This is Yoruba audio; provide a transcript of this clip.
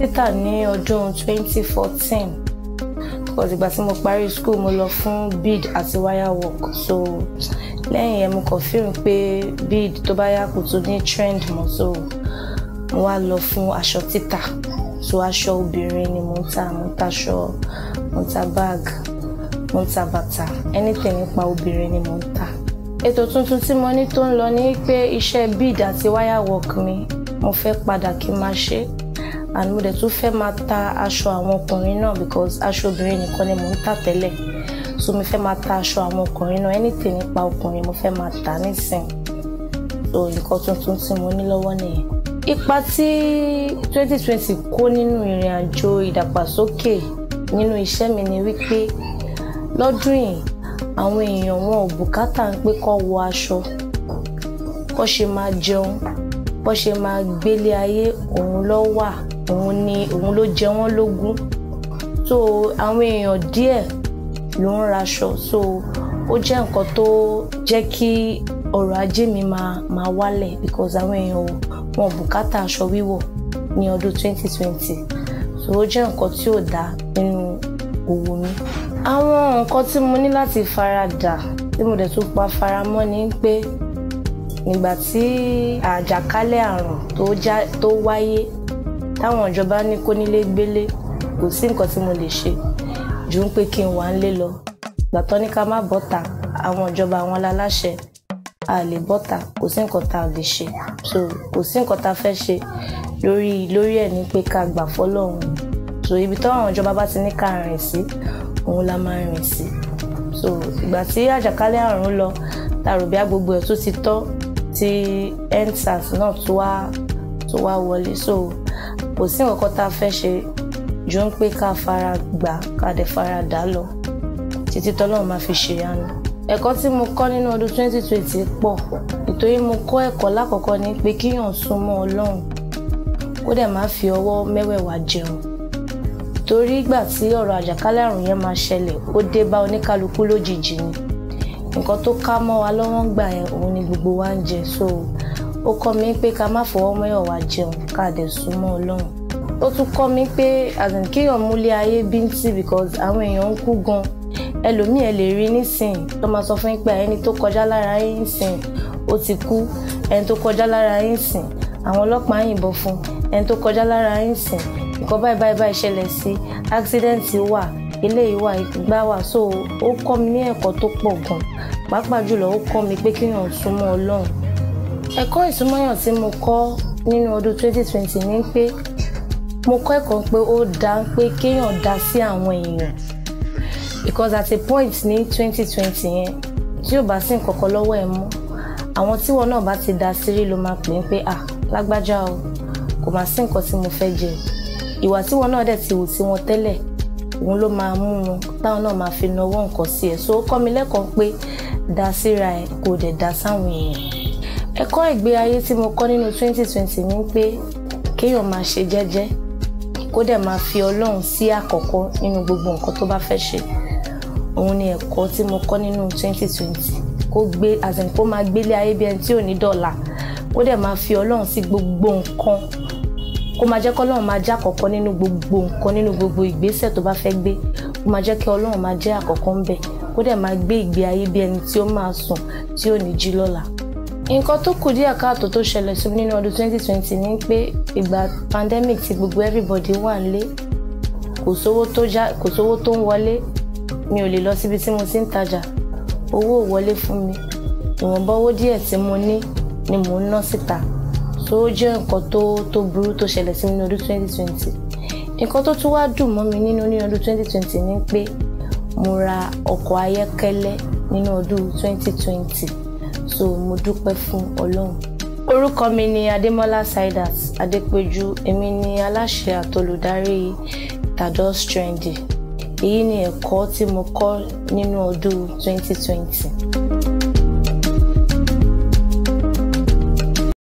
tíátà ní ọdún 2014 because ìgbà tí mo parí school mo lọ fún bid àti wire work so lẹ́yìn yẹn mo kàn fíìmù pé bid tó bá yá kò tún ní trend mọ́ so mo wá lọ fún aṣọ títà so aṣọ obìnrin ni mo ń ta mo ń taṣọ mo ń ta bag mo ń ta bàtà anything nípa obìnrin ni mo ń ta ètò tuntun tí mo ní tó ń lọ ni pé iṣẹ́ bid àti wire work mi mo fẹ́ padà kí n máa ṣe é and mo dẹ̀ tún fẹ́ máa ta aṣọ àwọn ọkùnrin náà because aṣọ obìnrin nìkan ni mò ń tà tẹ́lẹ̀ so mo fẹ́ máa ta aṣọ àwọn ọkùnrin náà anything nípa ọkùnrin mo fẹ́ máa tà nísìn so nǹkan tuntun tí mo ní lọ́wọ́ nìyẹn. ipa tí 2020 kó nínú ìrìn àjò ìdàgbàsókè nínú iṣẹ́ mi ni wípé lọ́dún yìí àwọn èèyàn wọn ò bùkátà ń pé kó wọ aṣọ bó ṣe máa jẹun bó ṣe máa gbélé ayé òun ló wà òun ni òun ló jẹ wọ́n lógún so àwọn èèyàn díẹ̀ ló ń raṣọ so ó jẹ́ nǹkan tó jẹ́ kí ọrọ̀ ajé mi máa máa wálẹ̀ because àwọn èèyàn wọn bùkátà aṣọ wíwọ̀ ní ọdún 2020 so ó jẹ́ nǹkan tí ò dá nínú òwò mi. àwọn nǹkan tí mo ní láti faradà tí mo dẹ̀ tún pa faramọ́ ni pé nígbà tí àjàkálẹ̀ àrùn tó wáyé táwọn ìjọba ní kónílé gbélé kò sí nǹkan tí mo lè ṣe jù ń pé kí n wà ń lé lọ gbàtọ́ ní ká má bọ́ta àwọn ìjọba àwọn aláṣẹ a lè bọ́ta kò sí nǹkan tá a lè ṣe so kò sí nǹkan tá a fẹ́ ṣe lórí lórí ẹ̀ ní pé ká gbà fọ́lọ́run so ibi táwọn ìjọba bá ti ní ká rìn sí òun la máa rìn sí so ìgbà tí àjàkálẹ̀ àrùn lọ tàròbíà gbogbo ẹ̀ tó ti tọ́ tí endsars náà tó wá tó wá wọlé so kò sí nǹkan tá a fẹ́ ṣe ju ń pé ká fara gbà ká dẹ̀ fara dà lọ títí tọ́lọ́run máa fi ṣèyanu ẹ̀kọ́ tí mo kọ́ nínú ọdún 2020 pọ̀ nítorí mo kọ́ ẹ̀kọ́ lákọ̀ọ́kọ́ ní pé kíyàn súnmọ́ ọlọ́run kó dẹ̀ má fi ọwọ́ mẹ́wẹ̀ẹ̀wá jẹun torí ìgbà tí ọ̀rọ̀ àjàkálẹ̀ àrùn yẹn máa ṣẹlẹ̀ ó dé bá oníkálukú lójijì ni nǹkan tó ká mọ́ wa lọ́wọ́ ń gbà yẹn òun ni gbogbo wa ń jẹ so ó kọ́ mi pé ká má fọwọ́ mẹ́wàá wá jẹun ká dẹ̀ súnmọ́ ọlọ́run ó tún kọ́ mi pé kéèyàn múlé ayé bíntì because àwọn èèyàn ń kú gan ẹlòmíì ẹ lè rí nísìn tó máa sọ fún yín pé ẹni tó kọjá lára yín sìn ó ti kú ẹni tó kọjá lára yín sìn àwọn ọlọ́pàá yìnbọn fún ẹni tó kọjá lára yín sìn nǹkan báyìí báyìí báyìí ṣẹlẹ̀ sí accident wà ilé ìwà ìgbà wà so ó kọ́ mi ní ẹ̀kọ́ tó pọ̀ gan pàápàá jùlọ ó kọ́ mi pé kéèyàn súnmọ́ ọlọ́run ẹ̀kọ́ ìsúnmọ́yàn tí mo kọ́ nínú ọdún 2020 ni pé mo kọ́ ẹ̀kọ́ pé ó dá pé kéèyàn dá sí àwọn èèyàn because at a point ní 2020 yẹn tí ò bá sí nǹkan kan lọ́wọ́ ẹ̀ mọ́ àwọn tí wọn náà bá ti dá sírí ló máa pè é pé à lágbájá o kò máa sí nǹkan tí mo fẹ́ jẹ ìwà tí wọn náà dẹ̀ ti wù tí wọn tẹ́lẹ̀ òun ló máa mú wọn táwọn náà máa fi nawọ́ nǹkan sí ẹ̀ so ó kọ́ mi lẹ́kọ̀ọ́ pé dá síra ẹ̀ kò dẹ̀ dá sáwọn èèyàn ẹ̀kọ́ ìgbé ayé tí mo kọ́ nínú 2020 ni pé kéèyàn máa ṣe jẹ́jẹ́ kó dẹ̀ máa fi ọlọ́run sí àkọ́kọ́ nínú gbogbo nǹkan tó bá fẹ́ ṣe òun ni ẹ̀kọ́ tí mo kọ́ nínú 2020 kó gbé àsìn kó máa gbélé ayé bí ẹni tí ò ní dọ̀là kó dẹ̀ máa fi ọlọ́run sí gbogbo nǹkan kó máa jẹ́ kí ọlọ́run máa jẹ́ àkọ́kọ́ nínú gbogbo nǹkan nínú gbogbo ìgbésẹ̀ tó bá fẹ́ gbé kó máa jẹ́ kí ọlọ́run máa jẹ́ àkọ́kọ́ ńbẹ̀ kó dẹ̀ máa gbé ìgbé ayé bí ẹni tí ó máa sùn tí ò ní jí lọ́la nǹkan tó kù díẹ̀ káàtó tó ṣẹlẹ̀ sí mi nínú ọdún 2020 ni pé ìgbà pandemic tí gbogbo everybody wà nílé kò sówó tó já kò sówó tó ń wọlé mi ò lè lọ síbi tí mo ti ń tajà owó ò wọlé fún mi ìwọ̀nba owó díẹ̀ tí mo ní ni mò ń ná síta tó jẹ́ nǹkan tó tó burú tó ṣẹlẹ̀ sí mi ọdún 2020 nǹkan tó tún wá dùn mọ́ mi nínú ní ọdún 2020 ni pé mo ra ọkọ̀ ayọ́kẹ́lẹ́ nínú ọdún 2020 so mo dúpẹ́ fún ọlọ́run. orúkọ mi ni adémọ́lá Saidat adépẹ́jú èmi ni aláṣẹ àtolùdarí tados trendy èyí ni ẹ̀kọ́ tí mo kọ́ nínú ọdún 2020.